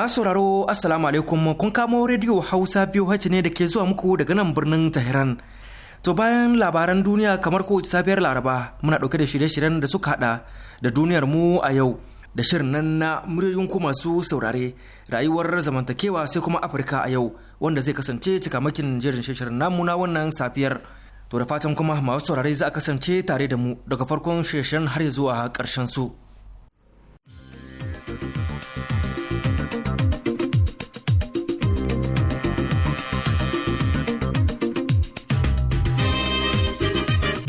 Masu sauraro Assalamu alaikum kun kamo rediyo Hausa biyu hace ne da ke zuwa muku daga nan birnin Tehran. To bayan labaran duniya kamar kowace safiyar Laraba muna dauke da shirye-shiryen da suka hada da duniyar mu a yau da shirin nan na muryoyin ku masu saurare rayuwar zamantakewa sai kuma Afirka a yau wanda zai kasance cikamakin jerin shirin namu na wannan safiyar. To da fatan kuma masu saurare za a kasance tare da mu daga farkon shirye-shiryen har zuwa ƙarshen su.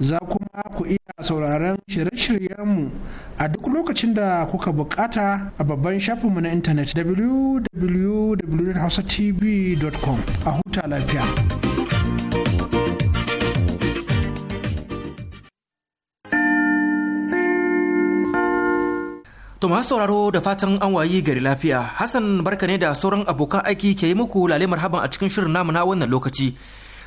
za kuma ku iya sauraron shirye-shiryenmu a duk lokacin da kuka bukata a babban shafinmu na intanet www.hausatv.com a huta lafiya. To masu sauraro da fatan an wayi gari lafiya, Hassan barka ne da sauran abokan aiki ke yi muku lalemar haban a cikin shirin namu na wannan lokaci.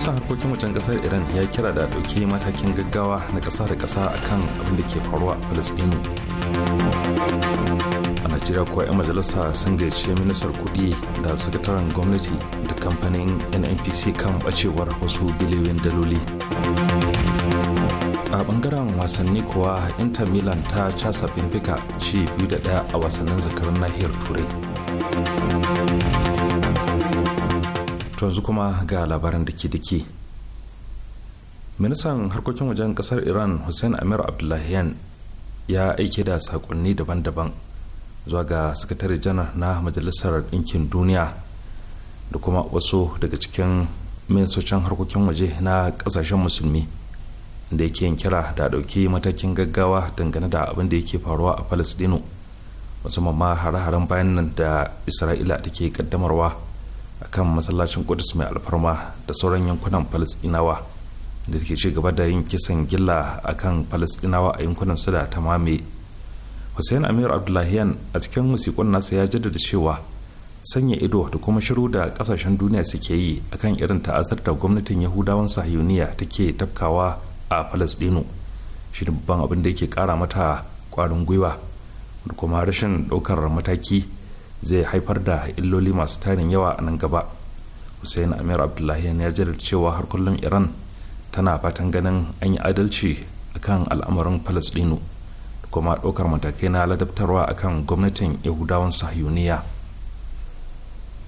ministan harkokin wajen kasar iran ya kira da dauke matakin gaggawa na kasa da kasa akan abin da ke faruwa a palestine a najeriya kuwa 'yan majalisa sun gaice ministar kudi da sakataren gwamnati da kamfanin nnpc kan bacewar wasu biliyoyin daloli a bangaren wasanni kuwa inter milan ta casa benfica ci biyu da daya a wasannin zakarun nahiyar turai to yanzu kuma ga labaran da ke dake ministan harkokin wajen kasar iran hussein amir abdullahian ya aike da sakonni daban-daban zuwa ga sakatare janar na majalisar ɗinkin duniya da kuma wasu daga cikin ministocin harkokin waje na ƙasashen musulmi da yake yin kira da ɗauki matakin gaggawa dangane da abin da yake faruwa a palestino musamman ma hare-haren bayan nan da isra'ila take ke ƙaddamarwa akan masallacin kudus mai alfarma da sauran yankunan falasɗinawa da ke ci gaba da yin kisan gilla a kan falasɗinawa a yankunan su da tamame hussein amir abdullahiyan a cikin musikun nasa ya jaddada cewa sanya ido da kuma shiru da kasashen duniya suke yi akan irin ta'azar da gwamnatin yahudawan sahiyuniya take tafkawa a falasɗinu shi babban abin da yake kara mata kwarin gwiwa da kuma rashin ɗaukar mataki zai haifar da illoli masu tarin yawa a nan gaba hussein amir abdullahi ya jira cewa har kullum iran tana fatan ganin an yi adalci akan al'amarin palestino kuma ɗaukar matakai na ladabtarwa kan gwamnatin yahudawan sahiyuniya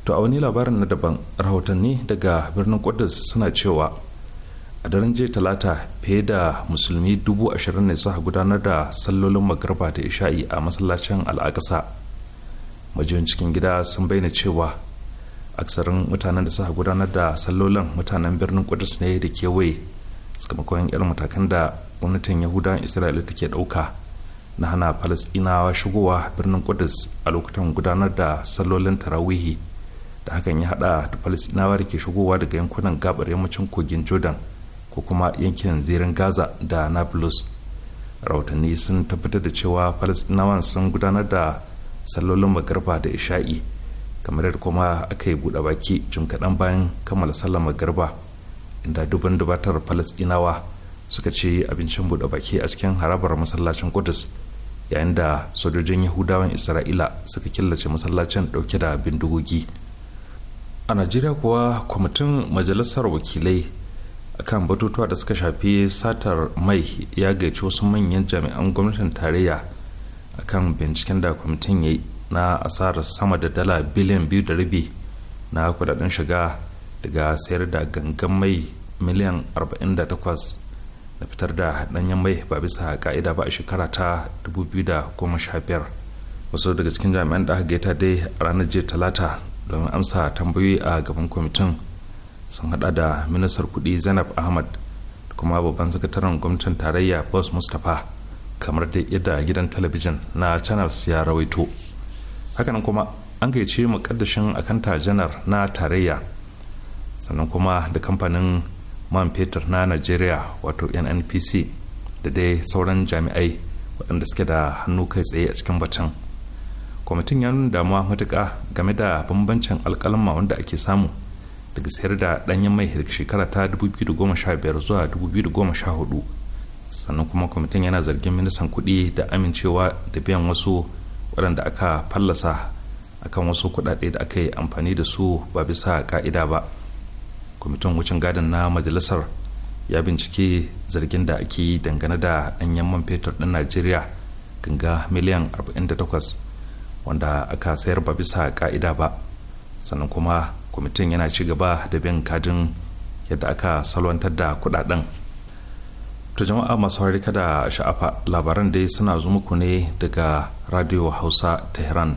to a wani labarin na daban rahotanni daga birnin kudus suna cewa a daren jiya talata fiye da musulmi dubu ashirin ne suka gudanar da sallolin magarba da isha'i a masallacin al'akasa majiyoyin cikin gida sun bayyana cewa aksarin mutanen da suka gudanar da sallolin mutanen birnin kudus ne da kewaye sakamakon irin matakan da gwamnatin yahudan isra'ila take ɗauka na hana falasɗinawa shigowa birnin kudus a lokutan gudanar da sallolin tarawihi da hakan ya haɗa da falasɗinawa da ke shigowa daga yankunan gabar yammacin kogin jordan ko kuma yankin zirin gaza da nablus rahotanni sun tabbatar da cewa falasɗinawan sun gudanar da sallolin magarba da isha'i kamar yadda kuma aka yi buɗe baki jim kaɗan bayan kammala sallar magarba inda dubban dubatar falasɗinawa suka ce abincin buɗe baki a cikin harabar masallacin kudus yayin da sojojin yahudawan isra'ila suka killace masallacin ɗauke da bindigogi a najeriya kuwa kwamitin majalisar wakilai akan batutuwa da suka shafi satar mai ya gaici wasu manyan jami'an gwamnatin tarayya akan binciken da kwamitin ya yi na asarar sama da dala biliyan biyu da rabi na kudaden shiga daga sayar da gangan mai miliyan 48 da fitar da hadanyen mai ba bisa ka'ida ba a shekara ta 2015 wasu daga cikin jami'an da gaita dai a ranar jiya talata domin amsa tambayoyi a gaban kwamitin sun hada da ministar kudi zainab ahmad da kuma babban sakataren gwamnatin tarayya boss mustapha kamar dai yadda gidan talabijin na channels ya rawaito hakanan kuma an gaice mukaddashin akanta janar na tarayya sannan kuma da kamfanin man fetur na nigeria wato nnpc da dai sauran jami'ai waɗanda suke da hannu kai tsaye a cikin batun kwamitin ya nuna damuwa matuƙa game da bambancin alƙalma wanda ake samu daga sayar da ɗanyen mai daga shekara ta 2015 zuwa 2014 sannan kuma kwamitin yana zargin ministan kuɗi da amincewa da biyan wasu waɗanda aka fallasa akan wasu kuɗaɗe da aka yi amfani da su ba bisa ka'ida ba kwamitin wucin gadon na majalisar ya bincike zargin da ake yi dangane da ɗanyen man fetur ɗin najeriya ganga miliyan 48 wanda aka sayar ba bisa ka'ida ba sannan kuma kwamitin yana ci gaba da bin kadin yadda aka salwantar da kuɗaɗen To jama'a masu harika da sha'afa labaran dai suna zo muku ne daga Radio Hausa Tehran.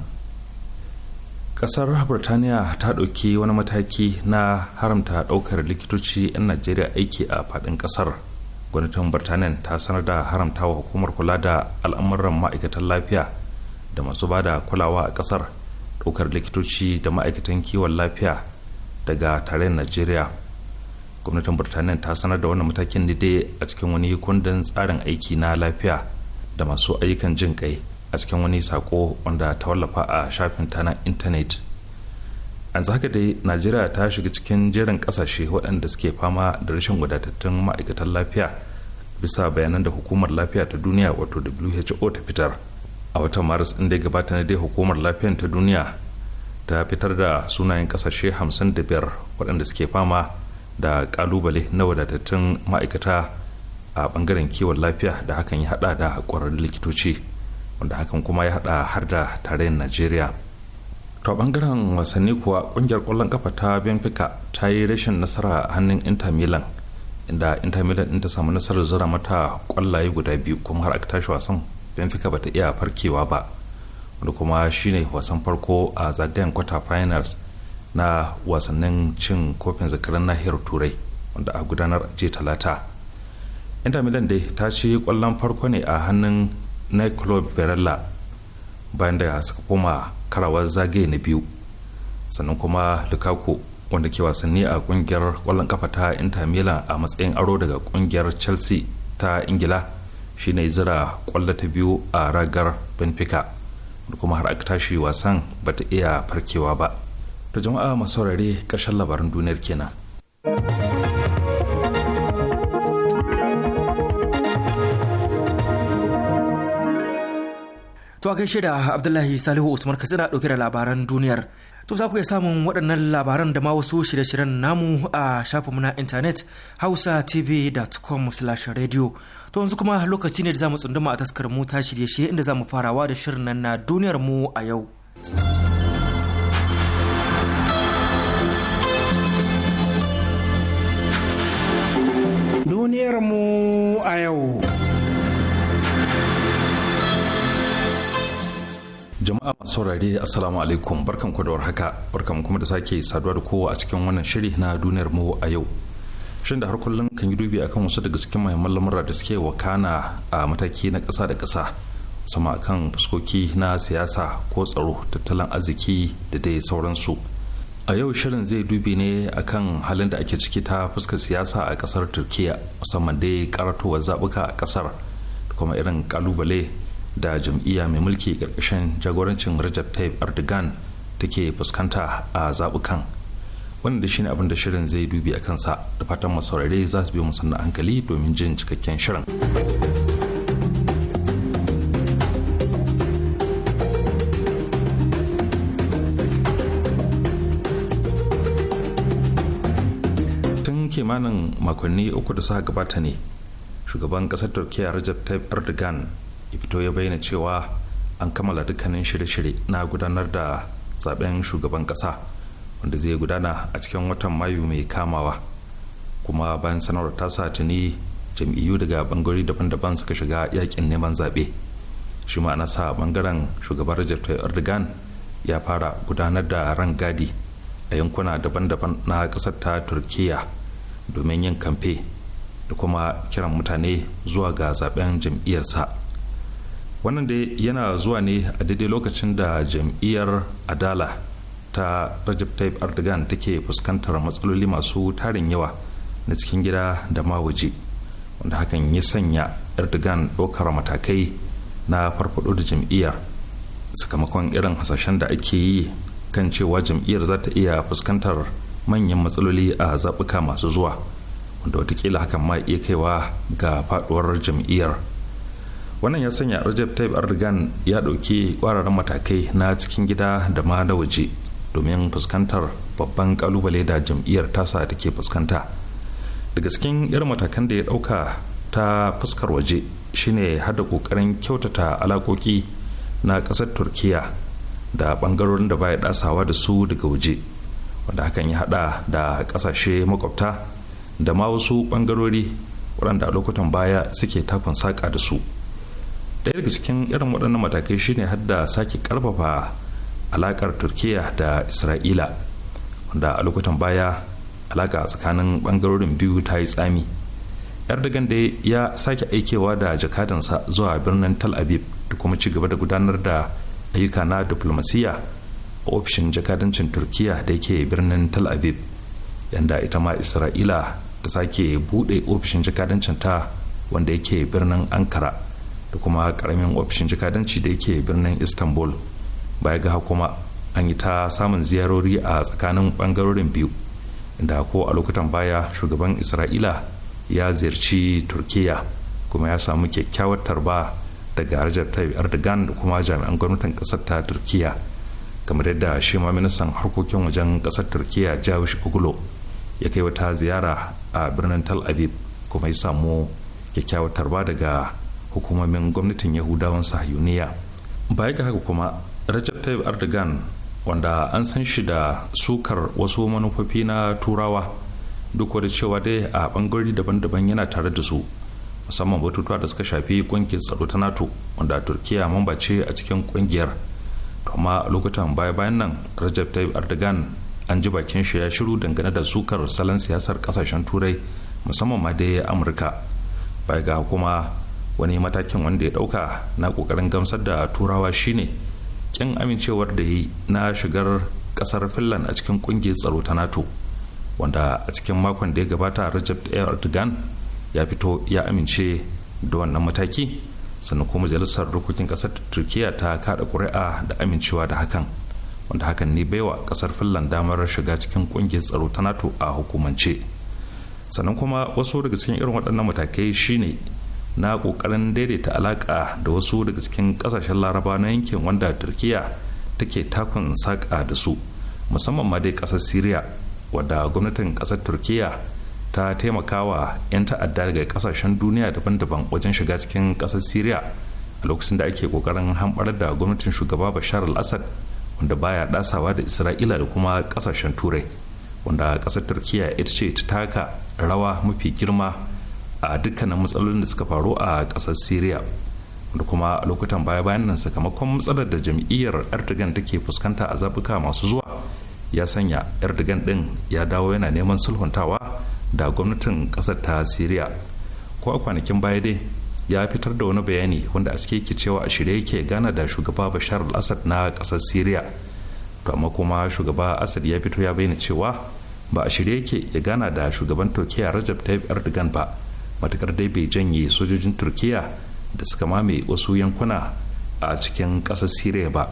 Kasar Birtaniya ta ɗauki wani mataki na haramta ɗaukar likitoci 'yan Najeriya aiki a faɗin ƙasar. Gwamnatin Birtaniya ta sanar da haramta wa hukumar kula da al'amuran ma'aikatan lafiya da masu ba da kulawa a ƙasar ɗaukar likitoci da ma'aikatan kiwon lafiya daga tarayyar Najeriya. gwamnatin birtaniya ta sanar da wannan matakin ne dai a cikin wani kundin tsarin aiki na lafiya da masu ayyukan jin kai a cikin wani sako wanda ta wallafa a shafin ta na intanet an haka dai najeriya ta shiga cikin jerin kasashe waɗanda suke fama da rashin wadatattun ma'aikatan lafiya bisa bayanan da hukumar lafiya ta duniya wato who ta fitar a watan maris inda ya gabata na dai hukumar lafiyar ta duniya ta fitar da sunayen kasashe 55 waɗanda suke fama da kalubale na wadatattun ma'aikata a bangaren kiwon lafiya da hakan ya hada da kwararrun likitoci wanda hakan kuma ya hada har da tarayyar najeriya to bangaren wasanni kuwa kungiyar kwallon kafa ta benfica ta yi rashin nasara a hannun inter milan inda inter milan ta samu nasarar zura mata kwallaye guda biyu kuma har aka tashi wasan benfica bata iya farkewa ba wanda kuma shine wasan farko a zagayen quarter finals na wasannin cin kofin zakaran nahiyar turai wanda a gudanar je talata inda milan dai ta ci kwallon farko ne a hannun nicolo berella bayan da suka koma karawar zagaye na biyu sannan kuma lukaku wanda ke wasanni a kungiyar kwallon kafa ta inter milan a matsayin aro daga kungiyar chelsea ta ingila shine zira kwallo ta biyu a ragar benfica kuma har aka tashi wasan bata iya farkewa ba da jama'a masu saurare ƙarshen labaran duniyar kenan. To kai shida Abdullahi Salihu Usman ka Katsina ɗauke da labaran duniyar. To za ku iya samun waɗannan labaran da ma wasu shirye-shiryen namu a shafinmu na intanet hausatv.com radio To yanzu kuma lokaci ne da za mu tsunduma a taskar mu ta shirye-shirye inda za mu farawa da shirin nan na duniyar mu a yau. duniyarmu a yau. Jama'a masu saurare Assalamu alaikum barkan ku da warhaka barkan kuma da sake saduwa da kowa a cikin wannan shiri na duniyar mu a yau. Shin da har kullum kan yi dubi akan wasu daga cikin muhimman lamura da suke wakana a mataki na kasa da kasa sama akan fuskoki na siyasa ko tsaro tattalin arziki da dai sauransu. a yau shirin zai dubi ne akan halin da ake ciki ta fuskar siyasa a kasar turkiya musamman dai karatowar zabuka a kasar da kuma irin kalubale da jam'iyya mai mulki karkashin jagorancin rajab tayyip erdogan take fuskanta a zabukan wannan da shine abin da shirin zai dubi a kansa da fatan masaurare za su biyo sannan hankali domin jin cikakken shirin kimanin makonni uku da suka gabata ne shugaban kasar turkiya rajab tayyip erdogan ya fito ya bayyana cewa an kammala dukkanin shirye-shirye na gudanar da zaben shugaban kasa wanda zai gudana a cikin watan mayu mai kamawa kuma bayan sanarwar ta sa tuni jam'iyyu daga bangare daban-daban suka shiga yakin neman zaɓe shi ma na sa bangaren shugaban rajab tayyip erdogan ya fara gudanar da rangadi a yankuna daban-daban na ƙasar ta turkiya domin yin kamfe da kuma kiran mutane zuwa ga zaben jam'iyyarsa wannan dai yana zuwa ne a daidai lokacin da jam'iyyar adala ta Recep Tayyip Erdogan take fuskantar matsaloli masu tarin yawa na cikin gida da ma waje wanda hakan ya sanya Erdogan ɗaukar matakai na farfado da jam'iyyar sakamakon irin hasashen da ake yi kan cewa jam'iyyar za ta iya fuskantar manyan matsaloli a zaɓuka masu zuwa wanda watakila hakan ma iya kaiwa ga faɗuwar jam'iyyar wannan ya sanya rajab tayyip erdogan ya ɗauki ƙwararren matakai na cikin gida da ma na waje domin fuskantar babban kalubale da jam'iyyar tasa take fuskanta daga cikin irin matakan da ya ɗauka ta fuskar waje shine hada ƙoƙarin kyautata alaƙoƙi na ƙasar turkiya da ɓangarorin da baya ɗasawa da su daga waje wanda hakan ya hada da kasashe makwabta da ma wasu bangarori waɗanda a lokutan baya suke takon saƙa da su ɗaya daga cikin irin waɗannan matakai shine hadda sake ƙarfafa alaƙar turkiya da isra'ila wanda a lokutan baya alaƙa tsakanin ɓangarorin biyu ta yi tsami erdogan da ya sake aikewa da jakadansa zuwa birnin tal aviv da kuma ci gaba da gudanar da ayyuka na diplomasiya ofishin jakadancin turkiya da ke birnin tel aviv yadda ita ma isra'ila ta sake buɗe ofishin jakadancin ta wanda yake birnin ankara da kuma karamin ofishin jakadanci da yake birnin istanbul baya ga kuma an yi ta samun ziyarori a tsakanin bangarorin biyu inda ko a lokutan baya shugaban isra'ila ya ziyarci turkiya kuma ya samu kyakkyawar tarba daga Recep Tayyip Erdogan da kuma jami'an gwamnatin kasar ta Turkiya kamar yadda shi ma ministan harkokin wajen kasar turkiya jawish ogulo ya kai wata ziyara a birnin tal aviv kuma ya samu kyakkyawar tarba daga hukumomin gwamnatin yahudawan sahiyuniya baya ga haka kuma rajab tayyip erdogan wanda an san shi da sukar wasu manufofi na turawa duk wadda cewa dai a bangarori daban-daban yana tare da su musamman batutuwa da suka shafi kungiyar tsaro ta nato wanda turkiya mamba ce a cikin kungiyar kuma lokutan baya-bayan nan rajab tayyip erdogan an ji bakin shi ya shiru dangane da sukar salon siyasar kasashen turai musamman ma dai amurka bai ga kuma wani matakin wanda ya dauka na kokarin gamsar da turawa shine kin amincewar da yi na shigar kasar finland a cikin kungiyar tsaro ta nato wanda a cikin makon da ya gabata rajab erdogan ya fito ya amince da wannan mataki sannan kuma majalisar dokokin kasar turkiyya ta kada kuri'a da amincewa da hakan wanda hakan ne baiwa kasar finland damar shiga cikin kungiyar tsaro ta nato a hukumance sannan kuma wasu daga cikin irin waɗannan matakai shine na ƙoƙarin daidaita alaƙa da wasu daga cikin ƙasashen laraba na yankin wanda turkiya take takun saƙa da su musamman ma dai ƙasar syria wadda gwamnatin ƙasar turkiyya. ta taimaka wa 'yan ta'adda daga kasashen duniya daban-daban wajen shiga cikin kasar syria a lokacin da ake kokarin hamɓar da gwamnatin shugaba bashar al-assad wanda baya dasawa da isra'ila da kuma kasashen turai wanda kasar turkiya ita ce ta taka rawa mafi girma a dukkanin matsalolin da suka faru a kasar syria wanda kuma lokutan baya bayan nan sakamakon matsalar da jam'iyyar erdogan take fuskanta a zabuka masu zuwa ya sanya erdogan din ya dawo yana neman sulhuntawa da gwamnatin kasar ta siriya ko a kwanakin baya dai ya fitar da wani bayani wanda a cike yake cewa a shirye yake gana da shugaba bashar al-assad na kasar siriya to amma kuma shugaba asad ya fito ya bayyana cewa ba a shirye yake ya gana da shugaban turkiya rajab tayyip erdogan ba matukar dai bai janye sojojin turkiya da suka mame wasu yankuna a cikin kasar siriya ba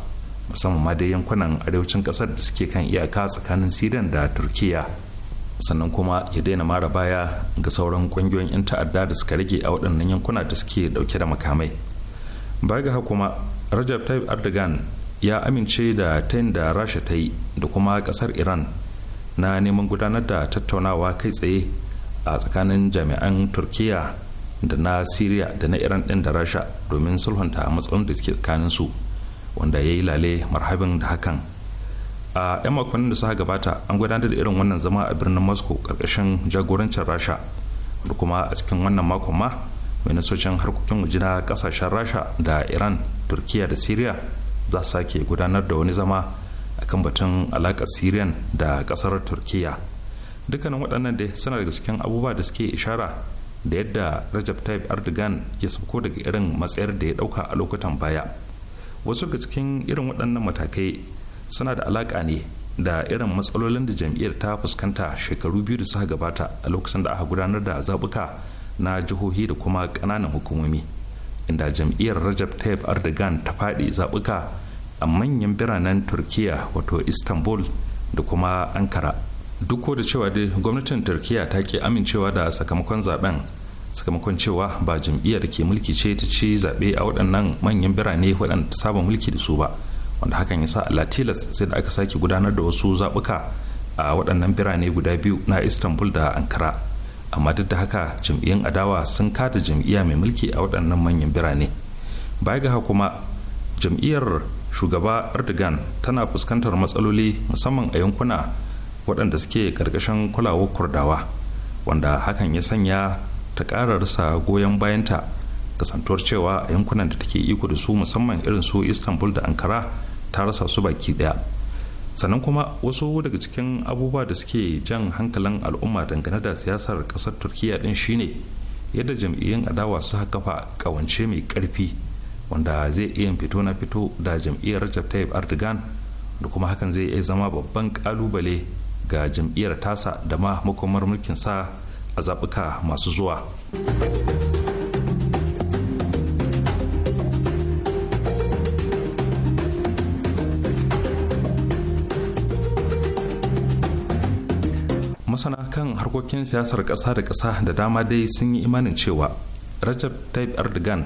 musamman ma dai yankunan arewacin kasar da suke kan iyaka tsakanin syria da turkiya sannan kuma ya daina mara baya ga sauran kungiyoyin 'yan ta'adda da suka rage a waɗannan yankuna da suke dauke da makamai baya ga kuma rajab tayyip erdogan ya amince da tayin da rasha ta yi da kuma ƙasar iran na neman gudanar da tattaunawa kai tsaye a tsakanin jami'an turkiya da na syria da na iran ɗin da rasha domin sulhunta matsalolin da suke tsakanin su wanda ya yi lale marhabin da hakan a 'yan makonnin da suka gabata an gudanar da irin wannan zama a birnin moscow karkashin jagorancin rasha da kuma a cikin wannan makon ma ministocin harkokin waje na kasashen rasha da iran turkiya da syria za su sake gudanar da wani zama a kan batun alaƙar syrian da ƙasar turkiya dukkanin waɗannan dai suna daga cikin abubuwa da suke ishara da yadda rajab tayyip erdogan ya sauko daga irin matsayar da ya ɗauka a lokutan baya wasu daga cikin irin waɗannan matakai suna da alaƙa ne da irin matsalolin da jam'iyyar ta fuskanta shekaru biyu da suka gabata a lokacin da aka gudanar da zaɓuka na jihohi da kuma ƙananan hukumomi inda jam'iyyar rajab tayyip erdogan ta faɗi zaɓuka a manyan biranen turkiya wato istanbul da kuma ankara duk ko da cewa dai gwamnatin turkiya ta ke amincewa da sakamakon zaben sakamakon cewa ba jam'iyyar da ke mulki ce ta ci zaɓe a waɗannan manyan birane waɗanda ta saba mulki da su ba wanda hakan ya sa ala tilas sai da aka sake gudanar da wasu zaɓuka a waɗannan birane guda biyu na istanbul da ankara amma duk da haka jam'iyyun adawa sun kada jam'iyya mai mulki a waɗannan manyan birane baya ga kuma jam'iyyar shugaba erdogan tana fuskantar matsaloli musamman a yankuna waɗanda suke karkashin kulawar kurdawa wanda hakan ya sanya ta ƙararsa rasa goyon bayanta kasantuwar cewa a yankunan da take iko da su musamman irin su istanbul da ankara ta rasa su baki daya sannan kuma wasu daga cikin abubuwa da suke jan hankalin al'umma dangane da siyasar kasar turkiya din shine yadda jam'iyyun adawa su kafa kawance mai karfi wanda zai iya fito na fito da jam'iyyar rajab tayyip erdogan da kuma hakan zai iya zama babban kalubale ga jam'iyyar tasa da ma makomar mulkin sa a zaɓuka masu zuwa. masana kan harkokin siyasar ƙasa da ƙasa da dama dai sun yi imanin cewa rajab tayyip erdogan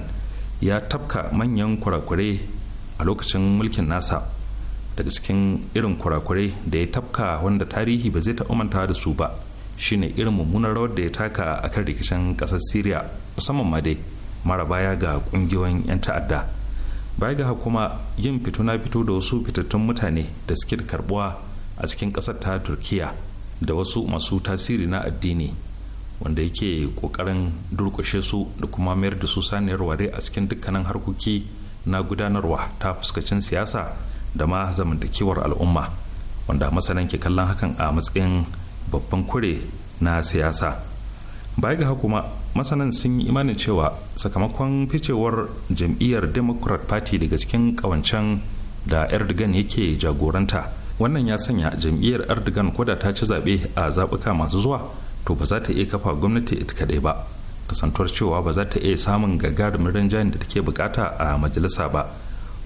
ya tafka manyan kurakure a lokacin mulkin nasa daga cikin irin kurakure da ya tafka wanda tarihi ba zai ta umanta da su ba shine irin mummunar rawar da ya taka a kan rikicin ƙasar syria musamman ma dai mara baya ga ƙungiyoyin 'yan ta'adda baya ga kuma yin fito na fito da wasu fitattun mutane da suke karbuwa a cikin ƙasar ta turkiya da wasu masu tasiri na addini wanda yake kokarin durkushe su da kuma mayar da su saniyar ware a cikin dukkanin harkoki na gudanarwa ta fuskacin siyasa da ma zamantakewar al'umma wanda masanan ke kallon hakan a matsayin babban kure na siyasa baya ga kuma masanan sun yi imanin cewa sakamakon ficewar jam'iyyar democrat party daga cikin ƙawancen da erdogan yake jagoranta wannan ya sanya jam'iyyar erdogan koda ta ci zaɓe a zaɓuka masu zuwa to ba za ta iya kafa gwamnati ita kaɗai ba kasantar cewa ba za ta iya samun gagarumin rinjayen da take bukata a majalisa ba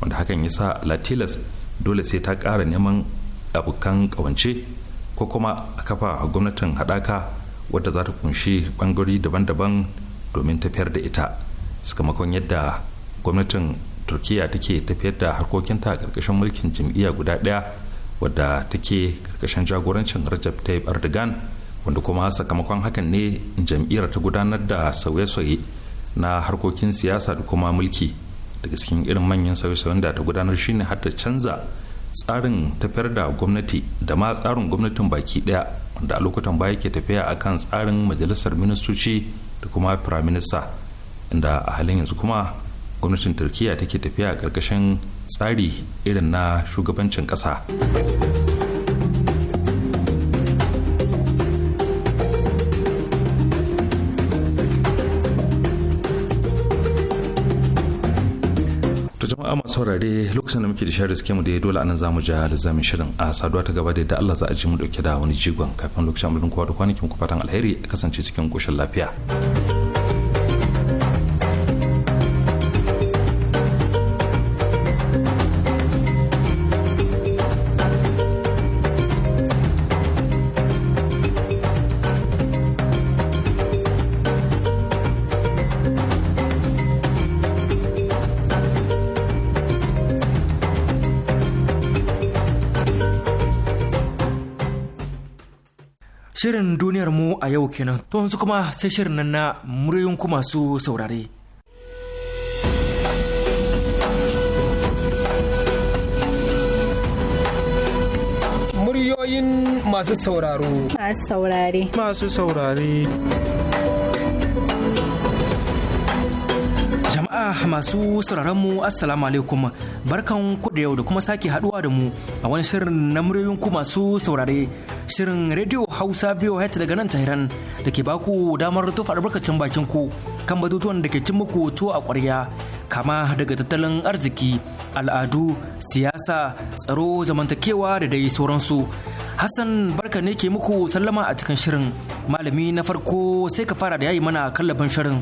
wanda hakan ya sa latilas dole sai ta ƙara neman abokan ƙawance ko kuma a kafa gwamnatin haɗaka wadda za ta kunshi ɓangare daban-daban domin tafiyar da ita sakamakon yadda gwamnatin turkiya take tafiyar da harkokinta a ƙarƙashin mulkin jam'iyya guda ɗaya wadda take karkashin jagorancin Rajab Tayyip Erdogan wanda kuma sakamakon hakan ne jam'iyyar ta gudanar da sauye-sauye na harkokin siyasa da kuma mulki daga cikin irin manyan sauye-sauyen da ta gudanar shine har ta canza tsarin tafiyar da gwamnati da ma tsarin gwamnatin baki daya wanda a lokutan baya ke tafiya akan tsarin majalisar ministoci da kuma firaminista inda a halin yanzu kuma gwamnatin turkiya take tafiya a karkashin. tsari irin na shugabancin ƙasa. jama'a masu saurare lokacin da muke da shari'a suke mu da dole anan zamu ja lizamin shirin a saduwa ta gaba da yadda Allah za a ji mu dauke da wani jigon kafin lokacin amurin kowa da kwanakin ku fatan alheri kasance cikin koshin lafiya. mu a yau kenan to yanzu kuma sai shirin nan na muryoyin ku masu saurare muryoyin masu sauraro masu saurare masu saurare jama'a masu sauraron mu assalamu alaikum barkan ku da yau da kuma sake haduwa da mu a wani shirin na muryoyin ku masu saurare shirin Radio Hausa VOH daga nan Tehran da ke baku damar tofa albarkacin bakin ku kan batutuwan da ke cin muku tuwo a ƙwarya kama daga tattalin arziki, al'adu, siyasa, tsaro, zamantakewa da dai sauransu. Hassan barka ne ke muku sallama a cikin shirin malami na farko sai ka fara da yayi mana kallabin shirin.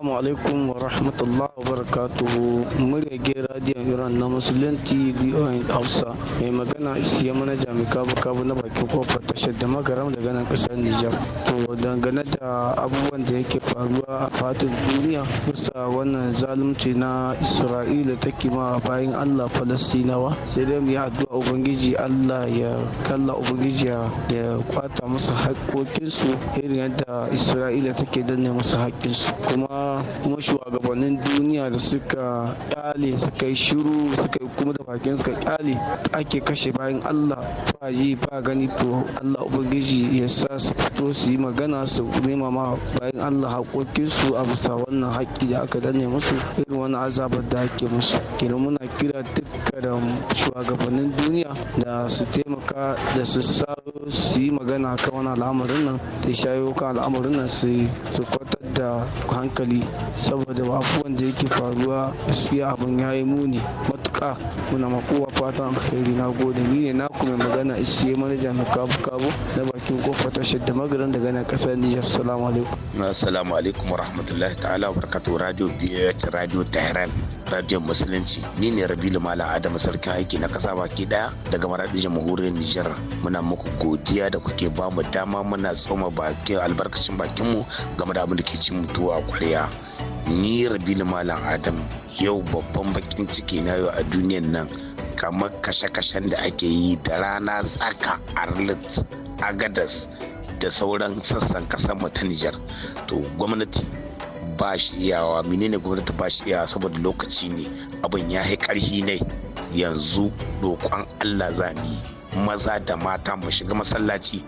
Assalamu alaikum wa rahmatullahi wa barakatuhu muryage radiyon Iran na musulunci BON Hausa mai magana isiya manaja mai kabu kabu na bakin kofar tashar da magaram daga nan kasar Nijar. To dangane da abubuwan da yake faruwa a fatin duniya bisa wannan zalunci na Isra'ila ta kima bayan Allah Falastinawa sai dai mu yi addu'a Ubangiji Allah ya kalla Ubangiji ya kwata musu haƙƙoƙinsu irin yadda Isra'ila take danne musu haƙƙinsu kuma kuma shugabannin duniya da suka kyale suka yi shiru suka yi kuma da bakin suka kyale ake kashe bayan Allah ba ji ba gani to Allah ubangiji ya sa su fito su yi magana su nema ma bayan Allah haƙoƙin su a bisa wannan haƙƙi da aka danne musu irin wani azabar da ake musu kenan muna kira dukkan shugabannin duniya da su taimaka da su sa su yi magana kan wani al'amarin nan da shayo kan al'amarin nan su kwatar da hankali saboda abubuwan da yake faruwa gaskiya abin ya yi muni matuƙa, muna makowa fatan alkhairi na gode ni ne naku mai magana isiye manajan na kabu kabu na bakin kofa ta shidda magaran daga na ƙasar nijar salamu alaikum assalamu alaikum warahmatullahi ta'ala barakatuh radio bh radio tehran radio musulunci ni ne rabilu mala adamu sarkin aiki na kasa baki ɗaya daga maradin jamhuriyar nijar muna muku godiya da kuke bamu dama muna tsoma bakin albarkacin bakinmu game da abin da ke ci mutuwa a kwarya ni rabilu malam adam yau babban bakin ciki na yau a duniyan nan kamar kashe-kashen da ake yi da rana tsaka arlit agadas da sauran sassan kasar mu ta nijar to gwamnati ba shi iyawa menene gwamnati ba shi iyawa saboda lokaci ne abin ya yi karhi ne yanzu roƙon allah za mu yi maza da mata mu shiga masallaci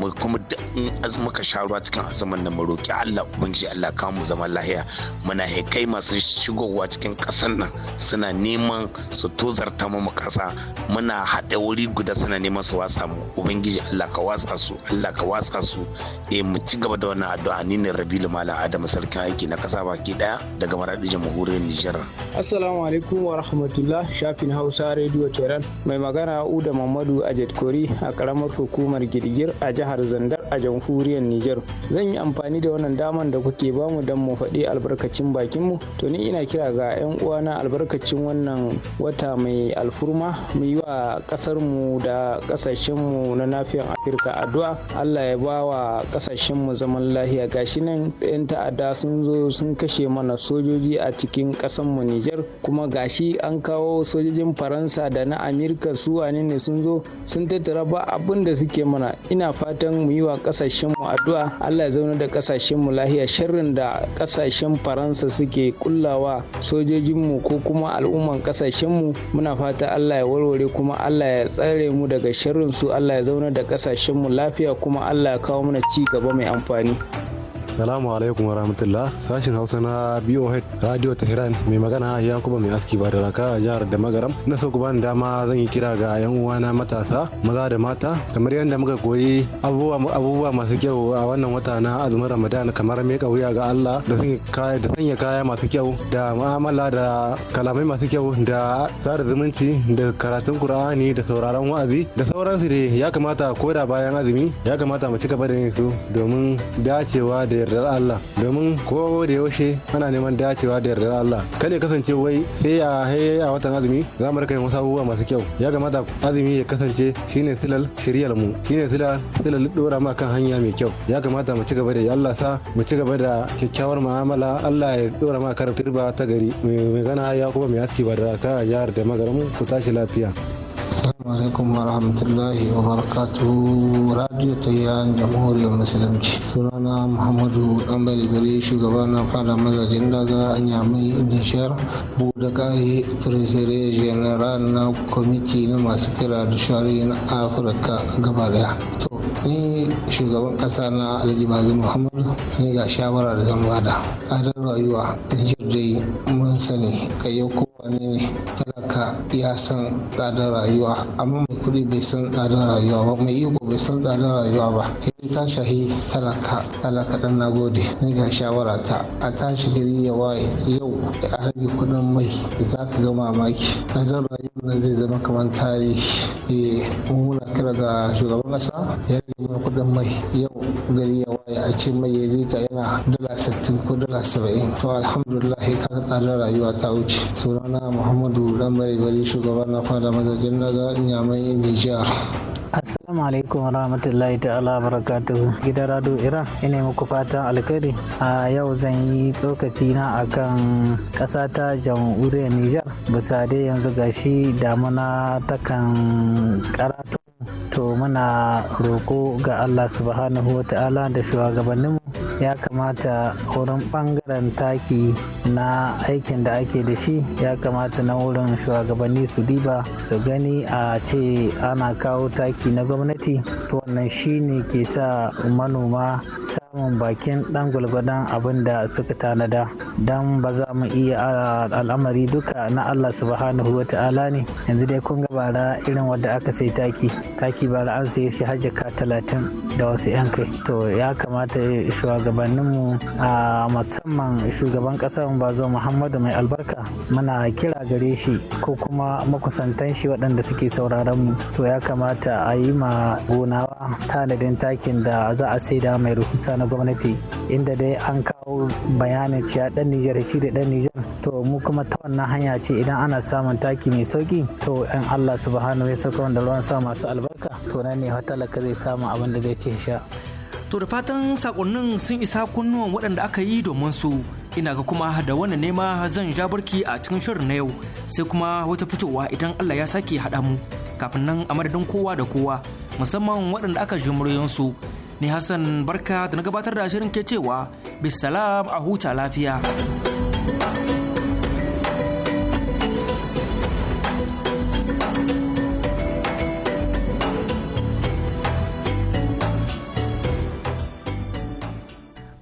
mu kuma da in muka sha ruwa cikin azumin nan mu roki Allah ubangiji Allah ka mu zaman lahiya muna kai masu shigowa cikin ƙasar nan suna neman su tozarta mu kasa muna haɗa wuri guda suna neman su wasa mu ubangiji Allah ka wasa su Allah ka wasa su eh mu ci gaba da wannan addu'a ni ne Rabilu Malam Adamu sarkin aiki na kasa baki daya daga Maradi jamhuriyar Nijar assalamu alaikum wa rahmatullah shafin Hausa Radio Tehran mai magana Uda Muhammadu a Ajet Kori a karamar hukumar Girgir a jihar Zandar a jamhuriyar niger Zan yi amfani da wannan daman da kuke bamu don mu faɗi albarkacin bakinmu. To ni ina kira ga 'yan uwana albarkacin wannan wata mai alfurma mu yi wa ƙasarmu da ƙasashenmu na nafiyar Afirka addu'a. Allah ya ba wa ƙasashenmu zaman lahiya gashi nan 'yan ta'adda sun zo sun kashe mana sojoji a cikin mu Nijar kuma gashi an kawo sojojin Faransa da na Amerika su wane ne sun zo sun tattara ba abin da suke mana ina fatan mu yi wa kasashen mu addu'a Allah ya zauna da kasashen mu lahiya sharrin da kasashen Faransa suke kullawa sojojin mu ko kuma al'umman kasashen mu muna fata Allah ya warware kuma Allah ya tsare mu daga sharrin su Allah ya zauna da kasashen mu lafiya kuma Allah ya kawo mana ci gaba mai amfani. Salamu alaikum warahmatullah sashin Hausa na BOH Radio Tehran mai magana ya kuma mai aski ba da raka a jihar da magaram. Na so bani dama zan yi kira ga yan uwana matasa maza da mata kamar yadda muka koyi abubuwa masu kyau a wannan wata na azumin Ramadan kamar mai kauya ga Allah da sanya kaya masu kyau da mu'amala da kalamai masu kyau da tsara zumunci da karatun Kur'ani da sauraron wa'azi da sauransu dai ya kamata ko da bayan azumi ya kamata mu ci gaba da yin su domin dacewa da yardar Allah domin ko da yaushe ana neman dacewa da yardar Allah kada ya kasance wai sai a a watan azumi za mu rika yin abubuwa masu kyau ya mata azumi ya kasance shine silal shiryar mu shine silal silal dora ma kan hanya mai kyau ya kamata mu ci gaba da Allah sa mu ci gaba da kyakkyawar mu'amala Allah ya dora ma karantar ba ta gari mai gana ya kuma mai aski ba da ka yar da magaramu ku tashi lafiya Assalamu alaikum wa rahmatullahi wa barakatuhu Radio Iran Jamhuriyar Musulunci. Sunana Muhammadu Dan Balibali shugaba na fada mazajen daga Anyamai Nishar bu da kare Tresere General na kwamiti na masu kira da shari'a na Afirka gaba daya. To, ni shugaban ƙasa na Alhaji Bazi Muhammadu ne ga shawara da zan bada. Tsadar rayuwa, Nijar dai mun sani, kayyako wani talaka ya san tsadar rayuwa amma mai kuɗi bai san tsadar rayuwa ba mai iko bai san tsadar rayuwa ba sai ta shahi talaka talaka dan nagode ni ga shawara ta a tashi gari ya waye yau a rage kudin mai za ka ga mamaki tsadar rayuwa nan zai zama kamar tarihi eh, muna kira ga shugaban ƙasa ya rage mana kuɗin mai yau gari ya waye a ce mai ya zita yana dala sittin ko dala saba'in to alhamdulillah kaga tsadar rayuwa ta wuce sunana sunana muhammadu lamari bari shugaban na fara mazajen daga nyamai nijar Assalamu alaikum wa rahmatullahi ta'ala barakatu gidan rado Iran ina muku fatan alkhairi a yau zan yi tsokaci na akan ƙasa ta jamhuriyar Nijar bisa dai yanzu gashi damuna takan karatu to muna roko ga Allah subhanahu wa ta'ala da shugabanninmu ya kamata wurin ɓangaren taki na aikin da ake da shi ya kamata na wurin shugabanni su diba su gani a ce ana kawo taki na gwamnati to wannan shine ke sa manoma sa samun bakin dan gwalgwadon abin da suka tanada don ba za mu iya al'amari duka na Allah subhanahu wa ta'ala ne yanzu dai kun ga bara irin wadda aka sai taki taki bara an sai shi hajjaka talatin da wasu yan kai to ya kamata shugabanninmu a musamman shugaban kasar bazo muhammadu mai albarka muna kira gare shi ko kuma makusantan shi waɗanda suke sauraron mu to ya kamata a yi ma gonawa tanadin takin da za a saida mai rahusa na na gwamnati inda dai an kawo bayanin cewa dan Nijar ci da dan Nijar to mu kuma ta wannan hanya ce idan ana samun taki mai sauki to in Allah subhanahu ya saka wanda ruwan sa masu albarka to nan ne talaka zai samu abin da zai ce sha to da fatan sakonnin sun isa kunnuwan waɗanda aka yi domin su ina ga kuma da wannan nema zan ja barki a cikin shirin na yau sai kuma wata fitowa idan Allah ya sake haɗa mu kafin nan a madadin kowa da kowa musamman waɗanda aka jimuriyansu su Ni Hassan barka da na gabatar da shirin ke cewa bisalam a huta lafiya.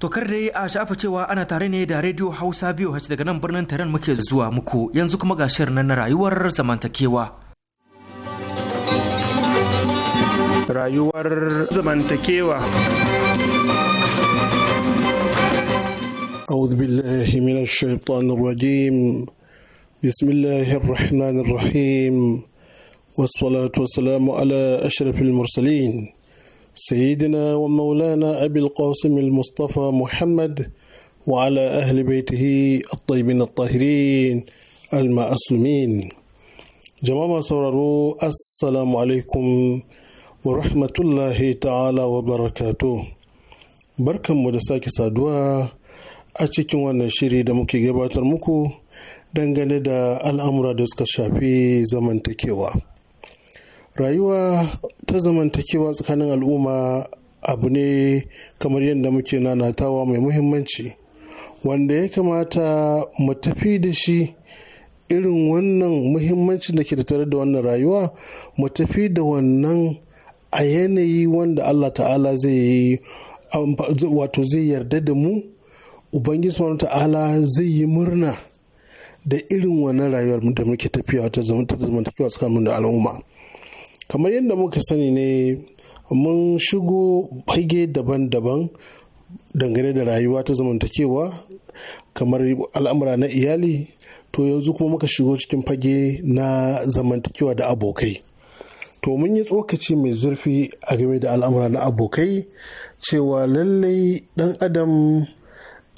To kar dai a sha'afa cewa ana tare ne da Radio Hausa VOH daga nan birnin taron muke zuwa muku yanzu kuma ga shirin na rayuwar zamantakewa. rayuwar zamantakewa. أعوذ بالله من الشيطان الرجيم بسم الله الرحمن الرحيم والصلاة والسلام على أشرف المرسلين سيدنا ومولانا أبي القاسم المصطفى محمد وعلى أهل بيته الطيبين الطاهرين المعصومين جماعة سورارو السلام عليكم wa rahmatullahi ta'ala wa barakatu barkanmu da sake saduwa a cikin wannan shiri da muke gabatar muku dangane da al'amura da suka shafi zamantakewa rayuwa ta zamantakewa tsakanin al'umma abu ne kamar yadda muke nanatawa mai muhimmanci wanda ya kamata mu tafi da shi irin wannan muhimmancin da ke tare da wannan rayuwa mu tafi da wannan a yanayi wanda Allah ta'ala zai yi wato zai yarda da mu ubangiji subhanahu ta'ala zai yi murna da irin wannan rayuwar da muke tafiya ta zamantakewa tsakanin da al'umma kamar yadda muka sani ne mun shigo fage daban-daban dangane da rayuwa ta zamantakewa kamar al'amura na iyali to yanzu kuma muka shigo cikin fage na zamantakewa da abokai to mun yi tsokaci mai zurfi a game da al'amura na abokai cewa lallai dan adam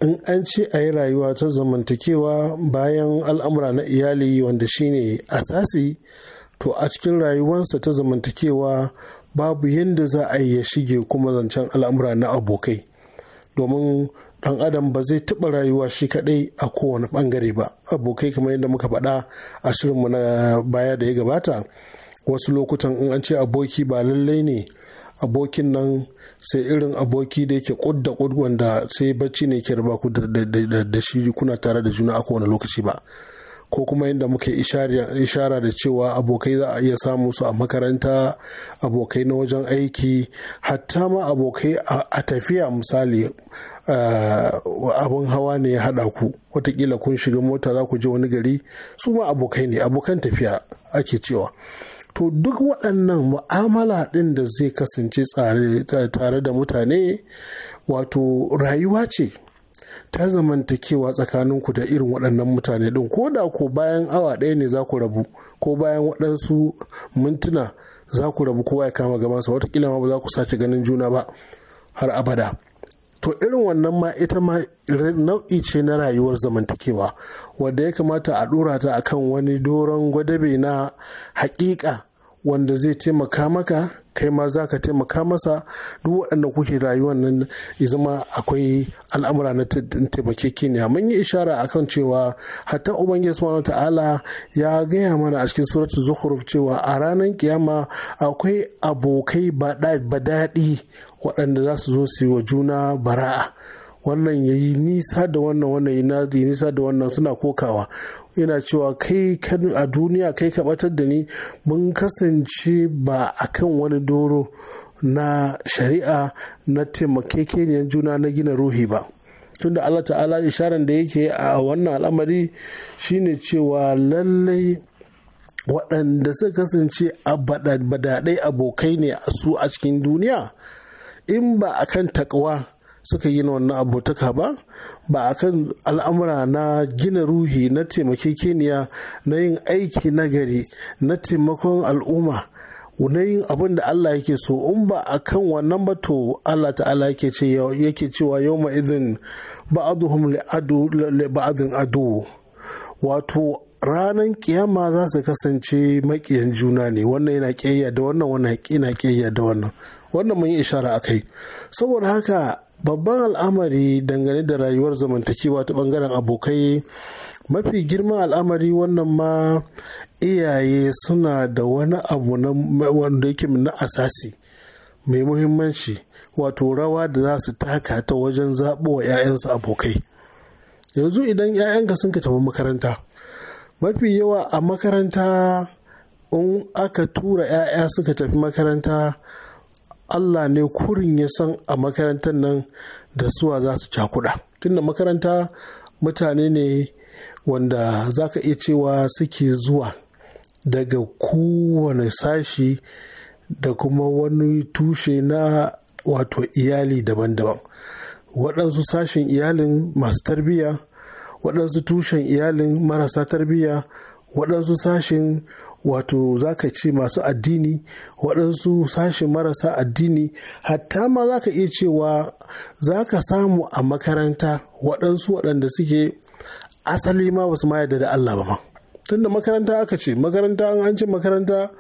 in an ce a yi rayuwa ta zamantakewa bayan al'amura na iyali wanda shine asasi to a cikin rayuwarsa ta zamantakewa babu yadda za a yi ya shige kuma zancen al'amura na abokai domin dan adam ba zai taɓa rayuwa shi kaɗai a kowane ɓangare ba abokai kamar yadda muka faɗa a shirinmu na baya da ya gabata wasu lokutan in an ce aboki ba lallai ne abokin nan sai irin aboki da yake kudda kud wanda sai bacci ne ke raba ku da shi kuna tare da juna a kowane lokaci ba ko kuma yadda muke ishara da cewa abokai za a iya samu su a makaranta abokai na wajen aiki hatta ma abokai a tafiya misali eh, abin hawa ne ya hada ku watakila kun shiga mota za ku je wani gari su ma abokai ne abokan tafiya ake cewa to duk waɗannan mu'amala ɗin da zai kasance tare da mutane wato rayuwa ce ta zamantakewa tsakaninku da irin waɗannan mutane ɗin ko da ko bayan awa ɗaya ne za ku rabu ko bayan waɗansu mintuna za ku rabu kowa ya kama gabansa watakila ma ba za ku sake ganin juna ba har abada to irin wannan ma ita ma nau'i ce na rayuwar zamantakewa wadda ya kamata a ɗora ta akan wani doron gwadabe na haƙiƙa. wanda zai taimaka maka kai ma za ka taimaka masa duk waɗanda kuke rayuwar nan ya zama akwai al'amura na ne. mun yi ishara a kan cewa hatta ubangiji subhanahu ta'ala ya gaya mana a cikin suratul zukhruf cewa a ranar kiyama akwai abokai ba daɗi waɗanda za su zo su yi wa juna bara'a wannan ya yi nisa da wannan wannan ya nisa da wannan suna kokawa yana cewa kai a duniya kai ka batar da ni mun kasance ba a kan wani doro na shari'a na taimakekeniyar juna na gina ruhi ba tunda Allah ta'ala isharan da yake a wannan al'amari shine cewa lallai waɗanda suka kasance a badaɗai abokai ne a su a cikin duniya in ba a kan takwa suka gina wannan abotaka ba ba kan al'amura na gina ruhi na taimakekeniya na yin aiki nagari na taimakon al'umma na yin abin da Allah yake so in ba a kan wannan ba to Allah ta'ala yake cewa yau ma izin ba'aduhum ba'adun adu wato ranar kiyama za su kasance makiyan juna ne wannan yana ƙiyayya da wannan wannan yana ƙiyayya da wannan wannan mun yi ishara a kai saboda haka babban al'amari dangane da rayuwar zamantakewa ta bangaren abokai mafi girman al'amari wannan ma iyaye suna da wani abu na wanda yake na asasi mai muhimmanci wato rawa da za su taka ta wajen zaɓo wa 'ya'yansu abokai yanzu idan 'ya'yanka sun ka tafi makaranta mafi yawa a makaranta in aka tura 'ya'ya suka tafi makaranta Allah ne kurin ya san a makarantar nan da suwa za su cakuɗa tunda makaranta mutane ne wanda za ka iya cewa suke zuwa daga kowane sashi da kuma wani tushe na wato iyali daban-daban waɗansu sashen iyalin masu tarbiyya waɗansu tushen iyalin marasa tarbiyya waɗansu sashen wato za ka ce masu addini waɗansu sashe marasa addini hatta ma za ka iya cewa za ka samu a makaranta waɗansu waɗanda suke asali ma ba su ma yarda da Allah ba ma tunda makaranta aka ce makaranta an ce makaranta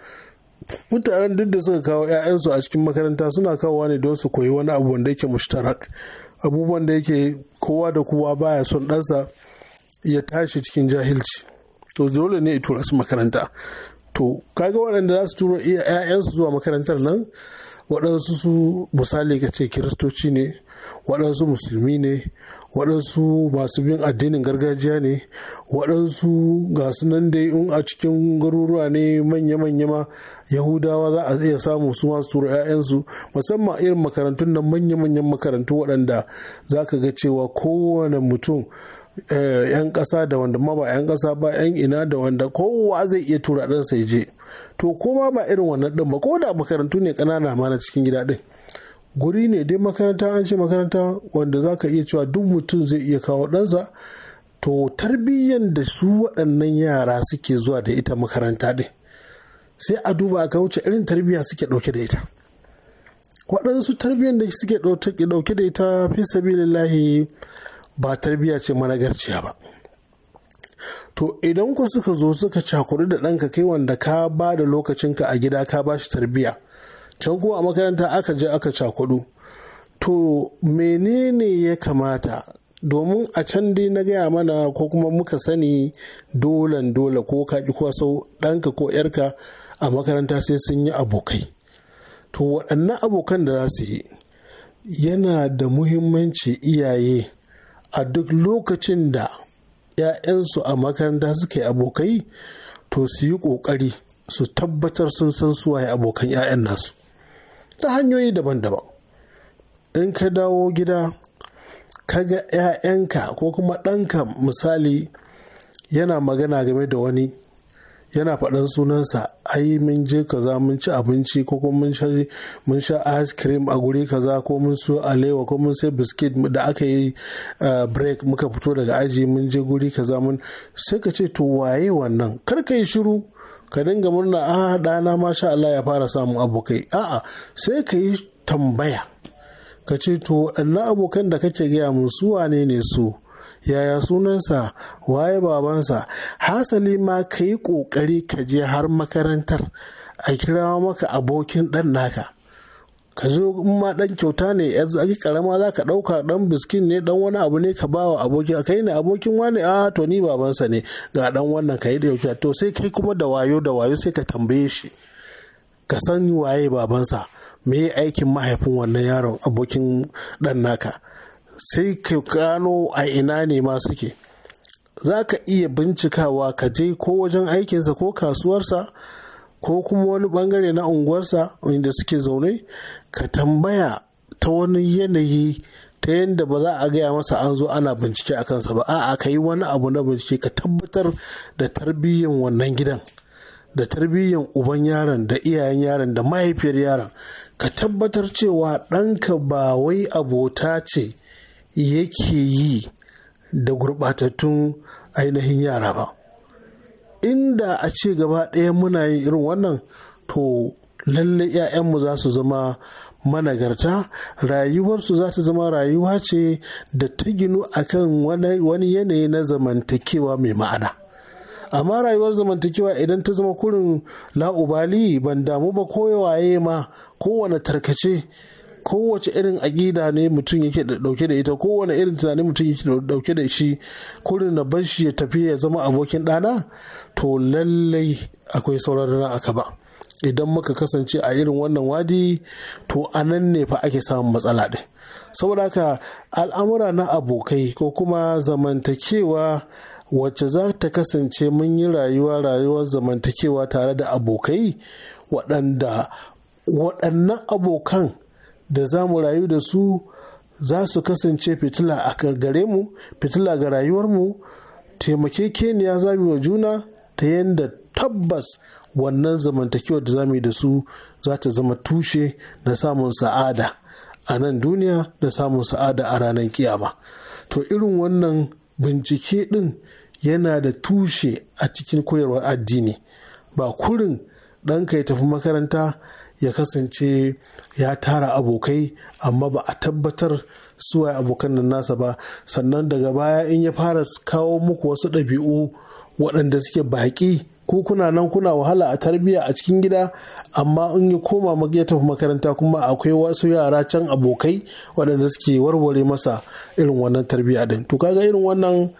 mutanen duk da suka kawo 'ya'yansu a cikin makaranta suna kawowa ne don su koyi wani abu wanda yake mushtarak abubuwan da yake kowa da kowa baya son ɗansa ya tashi cikin jahilci to dole ne ya tura su makaranta to kaga waɗanda za su turo 'ya'yansu zuwa makarantar nan waɗansu su misali ka ce kiristoci ne waɗansu musulmi ne waɗansu masu bin addinin gargajiya ne waɗansu ga su nan dai a cikin garuruwa ne manya-manya ma yahudawa za a iya samu su masu tura 'ya'yansu musamman irin makarantun nan manya-manyan makarantu waɗanda za ka ga cewa kowane mutum Eh, 'yan kasa da wanda ma ba 'yan kasa ba 'yan ina da wanda kowa zai iya tura ɗan ya je to koma ba irin wannan ɗin ba ko da makarantu ne ƙanana ma na cikin gida ɗin guri ne dai makaranta an ce makaranta wanda za ka iya cewa duk mutum zai iya kawo ɗansa to tarbiyyar da su waɗannan yara suke zuwa da ita makaranta ɗin sai a duba a wuce irin tarbiyya suke ɗauke da ita waɗansu tarbiyyar da suke ɗauke da ita fi sabilillahi ba tarbiyya ce managarciya ba to idan ku suka zo suka cakuri da ɗanka kai wanda ka ba da lokacinka a gida ka ba shi tarbiyya can kuma a makaranta aka je aka cakudu to menene ya kamata domin a can dai na gaya mana ko kuma muka sani dolan dole ko kaƙi kwaso ɗanka ko ‘yarka a makaranta sai sun yi abokai to waɗannan abokan da za su yi yana da muhimmanci iyaye a duk lokacin da 'ya'yansu a makaranta suka yi abokai to su yi ƙoƙari su tabbatar sun san suwaye abokan 'ya'yan nasu ta hanyoyi daban-daban in ka dawo gida ka ga 'ya'yanka ko kuma ɗanka misali yana magana game da wani yana faɗan sunansa ai mun je kaza mun ci abinci ko kuma mun sha ice cream a guri kaza ko mun su alewa ko mun sai biskit da aka yi eh, break muka fito daga aji mun je guri kaza mun sai ka ce to waye wannan kar ka yi shiru ka dinga murna a ah, ɗana masha Allah ya fara samun abokai a'a sai ka yi tambaya ka ce to waɗannan abokan da kake gaya mun su wane ne su yaya sunansa waye babansa hasali ma ka yi ƙoƙari ka je har makarantar a kira maka abokin ɗan naka ka zo in ma dan kyauta ne ya zaki karama za ka dauka dan biskin ne dan wani abu ne ka bawa aboki kai ne abokin wani a to ni babansa ne ga dan wannan ka yi da yauki to sai kai kuma da wayo da wayo sai ka tambaye shi ka san waye babansa me aikin mahaifin wannan yaron abokin ɗan naka sai ka gano a ina ne ma suke za ka iya bincikawa ka je ko wajen aikinsa ko kasuwarsa ko kuma wani bangare na unguwarsa inda suke zaune ka tambaya ta wani yanayi ta yadda ba za a gaya masa an zo ana bincike a kansa ba a'a ka yi wani abu na bincike ka tabbatar da tarbiyyan wannan gidan da tarbiyyan uban yaron da iyayen yaron da mahaifiyar yaron ka tabbatar cewa ɗanka ba wai abota ce yake yi da gurɓatattun ainihin yara ba inda a ce gaba ɗaya muna yin irin wannan to lalle 'ya'yanmu za su zama managarta rayuwarsu za ta zama rayuwa ce da ta ginu akan wani yanayi na zamantakewa mai ma'ana amma rayuwar zamantakewa idan ta zama kurin la'ubali ban damu ba waye ma kowane tarkace kowace irin aƙida ne mutum yake dauke da ita kowane irin tunani mutum yake dauke da shi kurin na ban shi ya tafi ya zama abokin ɗana to lallai akwai sauran rana aka ba idan muka kasance a irin wannan wadi to a nan ne fa ake samun matsala ɗin saboda haka al'amura na abokai ko kuma zamantakewa wacce za ta kasance mun yi rayuwa rayuwar zamantakewa tare da abokai waɗanda waɗannan abokan da za mu rayu da su za su kasance fitila a gare mu fitila ga rayuwarmu keniya za mu wa juna ta yadda tabbas wannan zamantakewa da za mu yi da su za ta zama tushe na samun sa'ada a nan duniya da samun sa'ada a ranar kiyama to irin wannan bincike ɗin yana da tushe a cikin koyarwar addini ba kurin ɗanka ya tafi makaranta ya kasance ya tara abokai amma ba a tabbatar suwaye abokan nan nasa ba sannan daga baya in ya fara kawo muku wasu ɗabi'u waɗanda suke baƙi ko kuna nan kuna wahala a tarbiyya a cikin gida amma in ya koma ya tafi makaranta kuma akwai wasu yara can abokai waɗanda suke warware masa irin wannan tarbiyya din to kaga irin wannan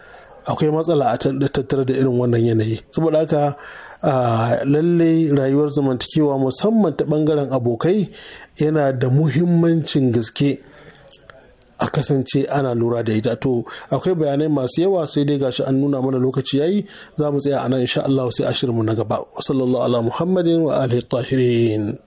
akwai matsala a tattara da irin wannan yanayi saboda haka a' lallai rayuwar zamantakewa musamman ta bangaren abokai yana da muhimmancin gaske a kasance ana lura da ita to akwai bayanai masu yawa sai dai gashi an nuna mana lokaci yayi za mu tsaya a nan insha Allah sai a shirinmu na gaba sallallahu ala muhammadin wa alihi tahirin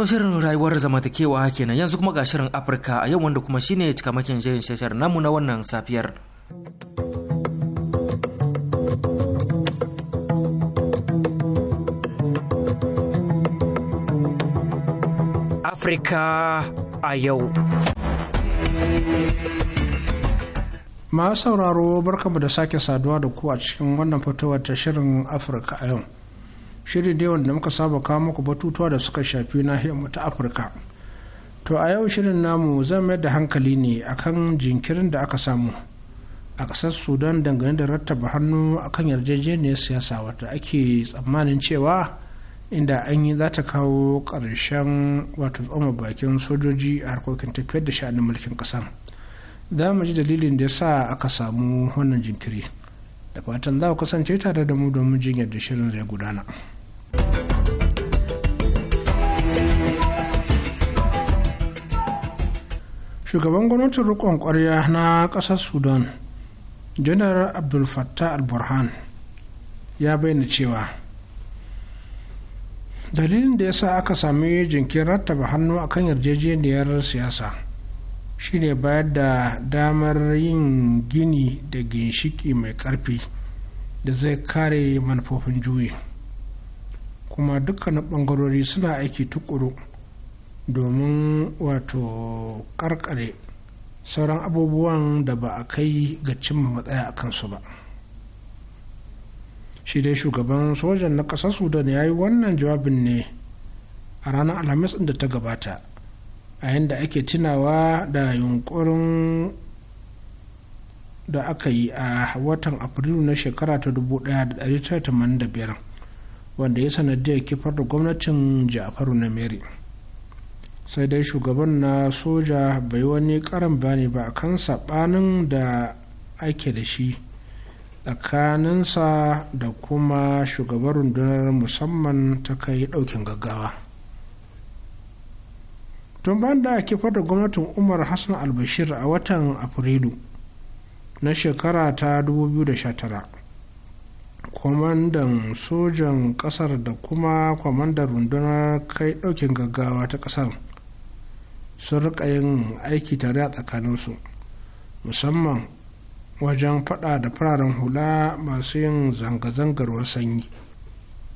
To shirin rayuwar zamantakewa kenan yanzu kuma ga shirin Afirka a yau wanda kuma shine cikamakin shirin shashar namu na wannan safiyar. Afirka a yau. Masu sauraro barkamu da sake saduwa da ku a cikin wannan fitowar ta shirin Afirka a yau. shirin dai wanda muka saba kawo muku batutuwa da suka shafi mu ta afirka to a yau shirin namu zan mayar da hankali ne akan jinkirin da aka samu a ƙasar sudan dangane da rattaba hannu akan yarjejeniyar siyasa wata ake tsammanin cewa inda an yi za ta kawo karshen wato tsoma bakin sojoji a harkokin tafiyar da sha'anin mulkin ƙasar za mu ji dalilin da ya sa aka samu wannan jinkiri da fatan za ku kasance tare da mu domin jin yadda shirin zai gudana. shugaban gwamnatin rikon kwarya na ƙasar sudan janar abdul Fatta al-burhan ya bayyana cewa dalilin da ya sa aka sami jinkirin rattaba hannu a kan yarjejeniyar siyasa shine bayar da damar yin gini da ginshiki mai ƙarfi da zai kare manufofin juyi kuma dukkanin ɓangarori suna aiki tukuru domin wato karkare sauran abubuwan da ba a kai ga cimma matsaya a kansu ba shi dai shugaban sojan na ƙasar sudan ya yi wannan jawabin ne a ranar alhamis da ta gabata a yadda ake tunawa da yunkurin da aka yi a watan afrilu na shekara ta 1985 wanda ya sanadiyar kifar da gwamnatin ja'faru na mary sai dai shugaban na soja bai wani karan bani ba a kan saɓanin da ake da shi tsakaninsa da kuma shugaban rundunar musamman ta kai ɗaukin gaggawa tun bayan da ake da gwamnatin umar hassan albashir a watan afrilu na shekara ta 2019 kwamandan sojan kasar da kuma kwamandan rundunar kai daukin gaggawa ta kasar sun rika yin aiki tare a tsakaninsu musamman wajen fada da fararen hula masu yin zanga-zangar sanyi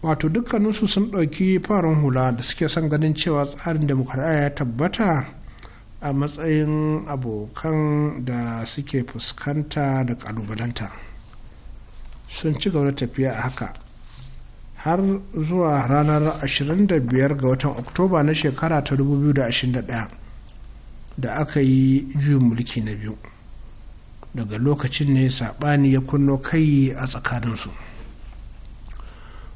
wato dukkaninsu sun ɗauki fararen hula da suke son ganin cewa tsarin demokaradiyya ya tabbata a matsayin abokan da suke fuskanta da ƙalubalanta sun ci gaba da tafiya a haka har zuwa ranar 25 ga watan oktoba na shekara ta 2021 da aka yi juyin mulki na biyu daga lokacin ne saɓani ya kunno kai a tsakaninsu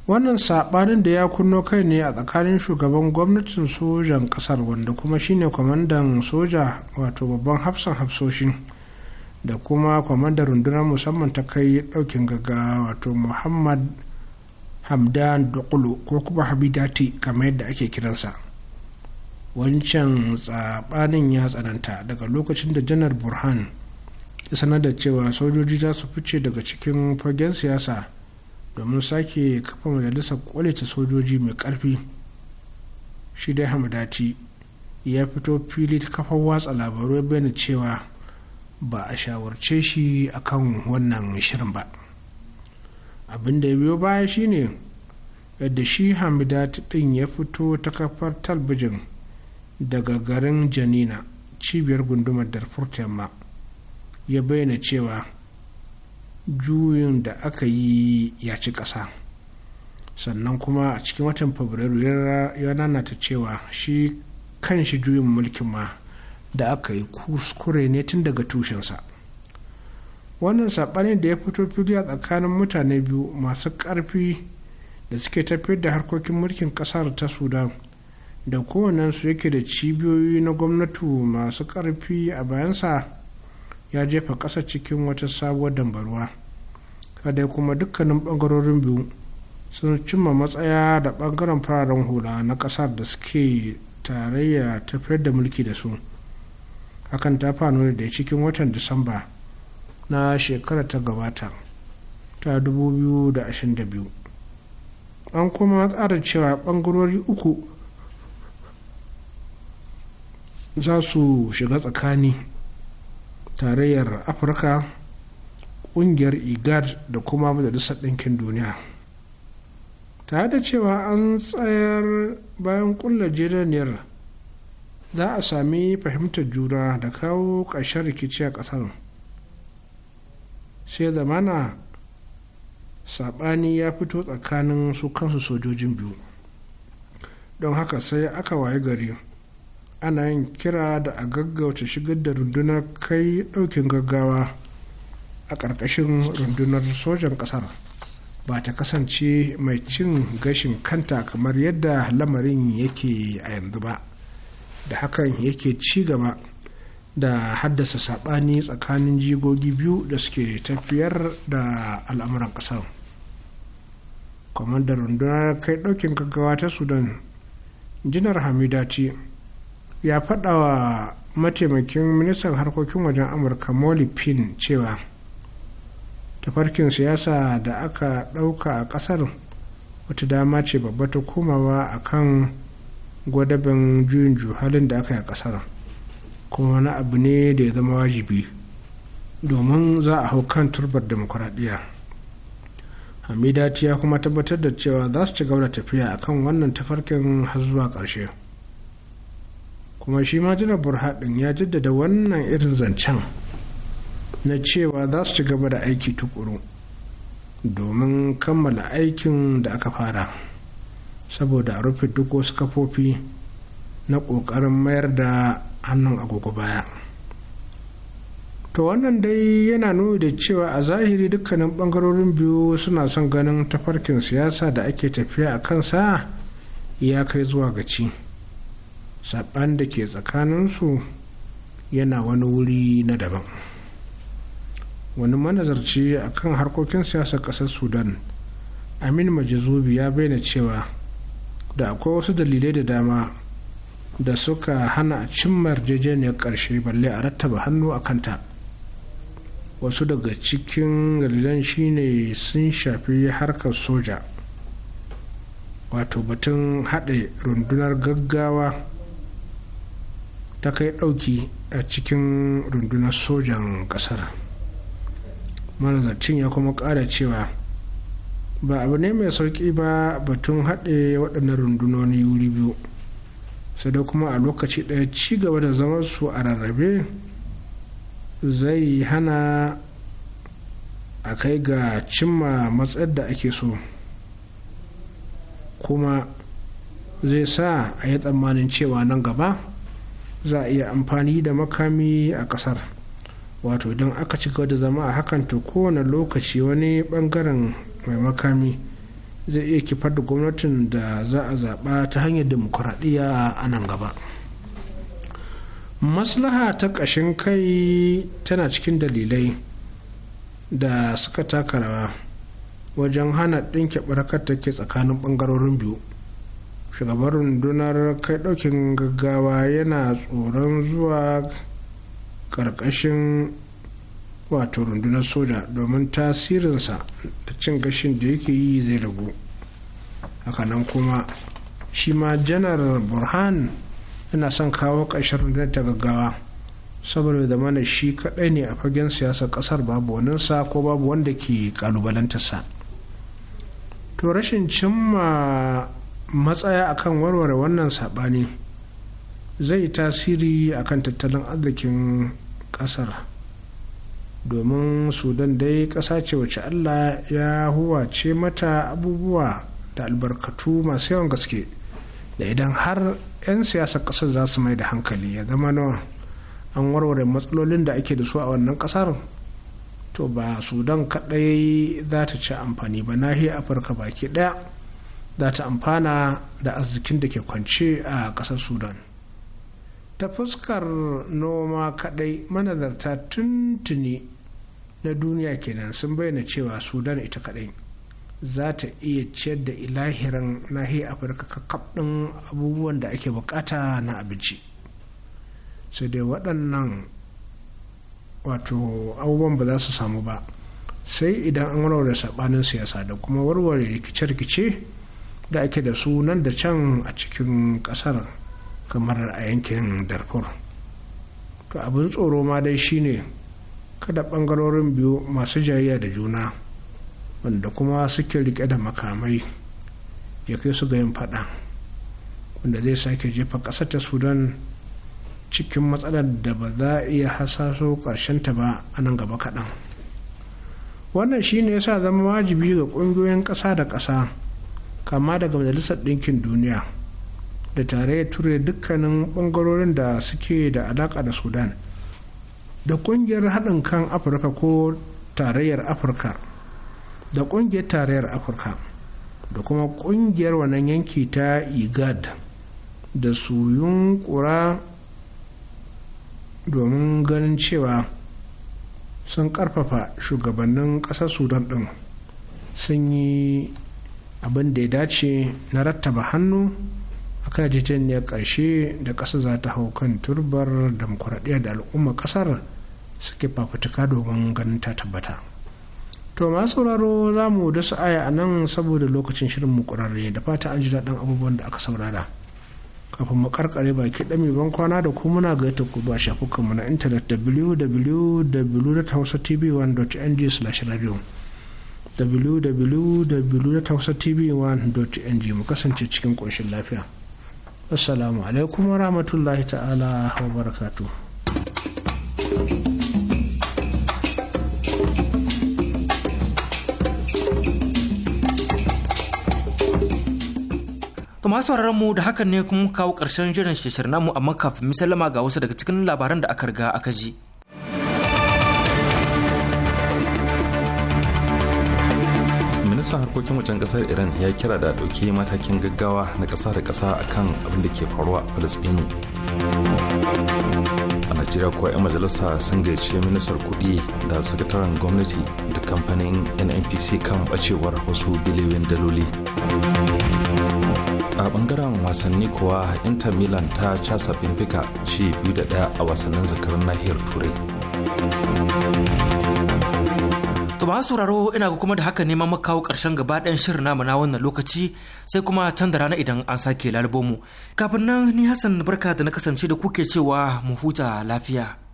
wannan saɓanin da ya kunno kai ne a tsakanin shugaban gwamnatin sojan ƙasar wanda kuma shine kwamandan soja wato babban hafsan hafsoshin da kuma kwamandan rundunar musamman ta kai ɗaukin gaga wato muhammad hamdan da ko kuma habidati kamar yadda ake kiransa wancan tsabanin ya tsananta daga lokacin da janar burhan ya sanar da cewa sojoji za su fice daga cikin fagen siyasa domin sake kafa majalisar kwalita sojoji mai karfi shi dai hamadati ya fito fili ta kafar watsa labaru ya bayyana cewa ba a shawarce shi akan wannan shirin ba abin da ya biyo baya shine yadda shi hamadati din ya fito ta kafar talbijin daga garin janina cibiyar gundumar darfur tema ya bayyana cewa juyin da aka yi ya ci ƙasa sannan kuma a cikin watan fabrairu ya nanata cewa shi kan shi juyin mulkin ma da aka yi kuskure ne tun daga tushensa wannan saɓani da ya fito fili a tsakanin mutane biyu masu ƙarfi da suke tafiyar da harkokin mulkin ƙasar ta sudan da kowanensu yake da cibiyoyi na gwamnati masu ƙarfi a bayansa ya jefa ƙasa cikin wata sabuwar dambarwa kada kuma dukkanin ɓangarorin biyu sun cimma matsaya da ɓangaren fararen hula na ƙasar da suke tarayya ta fayar da mulki da su hakan ta fano da cikin watan disamba na shekara ta gabata ta 2022 an kuma ƙara cewa ɓangarori uku za su shiga tsakani tarayyar afirka ƙungiyar igad da kuma majalisar ɗinkin duniya tare da cewa an tsayar bayan ƙulla jirgin za a sami fahimtar juna da kawo ƙarshen rikici a ƙasar sai zamana saɓani ya fito tsakanin su kansu sojojin biyu don haka sai aka waye gari ana yin kira da a gaggauta shigar da rundunar kai ɗaukin gaggawa a ƙarƙashin rundunar sojan ƙasar ba ta kasance mai cin gashin kanta kamar yadda lamarin yake a yanzu ba da hakan yake ci gaba da haddasa saɓani tsakanin jigogi biyu da suke tafiyar da al'amuran ƙasar kwamandar rundunar kai ɗaukin gaggawa ta sudan hamida ce ya faɗa wa mataimakin ministan harkokin wajen amurka molly pin cewa tafarkin siyasa da aka ɗauka a ƙasar wata dama ce babba ta komawa a kan gwadabin juyin halin da aka yi a ƙasar kuma wani abu ne da ya zama wajibi domin za a hau kan turbar demokuraɗiyya hamida ya kuma tabbatar da cewa za su ci gaba da tafiya akan wannan tafarkin har zuwa ƙarshe. kuma shi ma jina burhaɗin ya jaddada wannan irin zancen na cewa za su ci gaba da aiki tukuru domin kammala aikin da aka fara saboda a rufe duk wasu kafofi na ƙoƙarin mayar da hannun agogo baya ta wannan dai yana nuni da cewa a zahiri dukkanin ɓangarorin biyu suna son ganin tafarkin siyasa da ake tafiya a kansa ya kai zuwa gaci. saɓan da ke tsakaninsu yana wani wuri na daban wani manazarci a kan harkokin siyasar ƙasar sudan amin majizubi ya bayyana cewa da akwai wasu dalilai da dama da suka hana a cimma yarjejeniyar ƙarshe balle a rattaba hannu a kanta wasu daga cikin dalilan shine sun shafi harkar soja wato batun haɗe rundunar gaggawa ta kai ɗauki a cikin rundunar sojan ƙasar manazarcin ya kuma ƙara cewa ba abu ne mai sauƙi ba batun haɗe waɗannan rundunoni wuri biyu sai da kuma a lokaci ɗaya ci gaba da zama su a rarrabe zai hana a kai ga cimma matsayar da ake so kuma zai sa a yi tsammanin cewa nan gaba za a iya amfani da makami a kasar wato idan aka ci da zama a hakan to kowane lokaci wani bangaren mai makami zai iya kifar da gwamnatin da za a zaɓa ta hanyar demokuraɗiyya a nan gaba maslaha ta ƙashin kai tana cikin dalilai da suka taka rawa wajen hana ɗinke barakar take tsakanin ɓangarorin biyu shugabar rundunar kai ɗaukin gaggawa yana tsoron zuwa ƙarƙashin wato rundunar soja domin tasirinsa da cin gashin da yake yi zai ragu hakanan kuma shi ma janar burhan yana son kawo ƙarshen rundunar ta gaggawa saboda da mana shi kaɗai ne a fagen siyasar ƙasar babu waninsa ko babu wanda ke ƙalubalantarsa to rashin cimma matsaya akan warware wannan saɓani zai tasiri akan tattalin arzikin ƙasar domin sudan dai ƙasa ce wacce allah ya huwace mata abubuwa da albarkatu masu yawan gaske da idan har 'yan siyasar ƙasar za su mai da hankali ya zama nawa an warware matsalolin da ake da su a wannan ƙasar to ba sudan kaɗai za ta ci amfani ba nahiyar afirka baki ɗaya za ta amfana da arzikin da ke kwance a ƙasar sudan ta fuskar noma kadai manazarta tuntuni na duniya kenan sun bayyana cewa sudan ita kadai za ta iya ciyar da ilahiran nahiyar afirka kakaf ɗin abubuwan da ake bukata na abinci sai dai waɗannan wato abubuwan ba za su samu ba sai idan an warware saɓanin siyasa da kuma warware rikice-rikice da ake da su nan da can a cikin ƙasar kamar a yankin darfur to abin tsoro ma dai shine kada ɓangarorin biyu masu jayayya da juna wanda kuma suke rike da makamai ya kai su ga yin faɗa wanda zai sake jefa ƙasar ta sudan cikin matsalar da ba za a iya hasaso ta ba a nan gaba kaɗan wannan shine sa zama wajibi ga ƙungiyoyin ƙasa da ƙasa kama daga majalisar ɗinkin duniya da tare ya ture dukkanin ɓangarorin da suke da alaƙa da sudan da ƙungiyar haɗin kan afirka ko tarayyar afirka da ƙungiyar tarayyar afirka da kuma ƙungiyar wannan yanki ta igad da su yunƙura domin ganin cewa sun ƙarfafa shugabannin ƙasar sudan ɗin sun yi abin da ya dace na rattaba hannu a kan yarjejeniyar ƙarshe da ƙasa za ta hau kan turbar demokuraɗiyya da al'umma ƙasar suke fafutuka domin ganin ta tabbata to masu sauraro za mu da aya a nan saboda lokacin shirin mu ƙurarre da fata an ji daɗin abubuwan da aka saurara kafin mu karkare baki ɗami ban kwana da kuma muna gaita ku ba shafukanmu na intanet www.hausatv1.ng/radio dot 1ng mu kasance cikin ƙunshin lafiya. Assalamu alaikum wa rahmatullahi ta'ala wa barakatu. kuma masu mu da hakan ne kuma kawo ƙarshen jiran shirin namu amma kafin misalama ga wasu daga cikin labaran da aka riga aka ji. ministan harkokin wajen kasar iran ya kira da dauke matakin gaggawa na kasa da kasa akan abin da ke faruwa a palestine a najeriya kuwa 'yan majalisa sun gaishe ministar kudi da sakataren gwamnati da kamfanin nnpc kan bacewar wasu biliyoyin daloli a bangaren wasanni kuwa inter milan ta casa benfica ci biyu da daya a wasannin zakarun nahiyar turai To ba sauraro ina kuma da haka neman makawo karshen gaba ɗayan shirin namu na wannan lokaci sai kuma can da rana idan an sake lalbomu. Kafin nan ni Hassan barka da na kasance da kuke cewa mu huta lafiya.